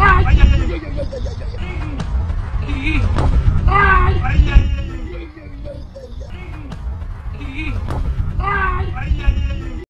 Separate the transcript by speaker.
Speaker 1: ay ay ay ay